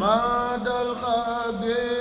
ma dal xabe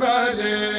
ba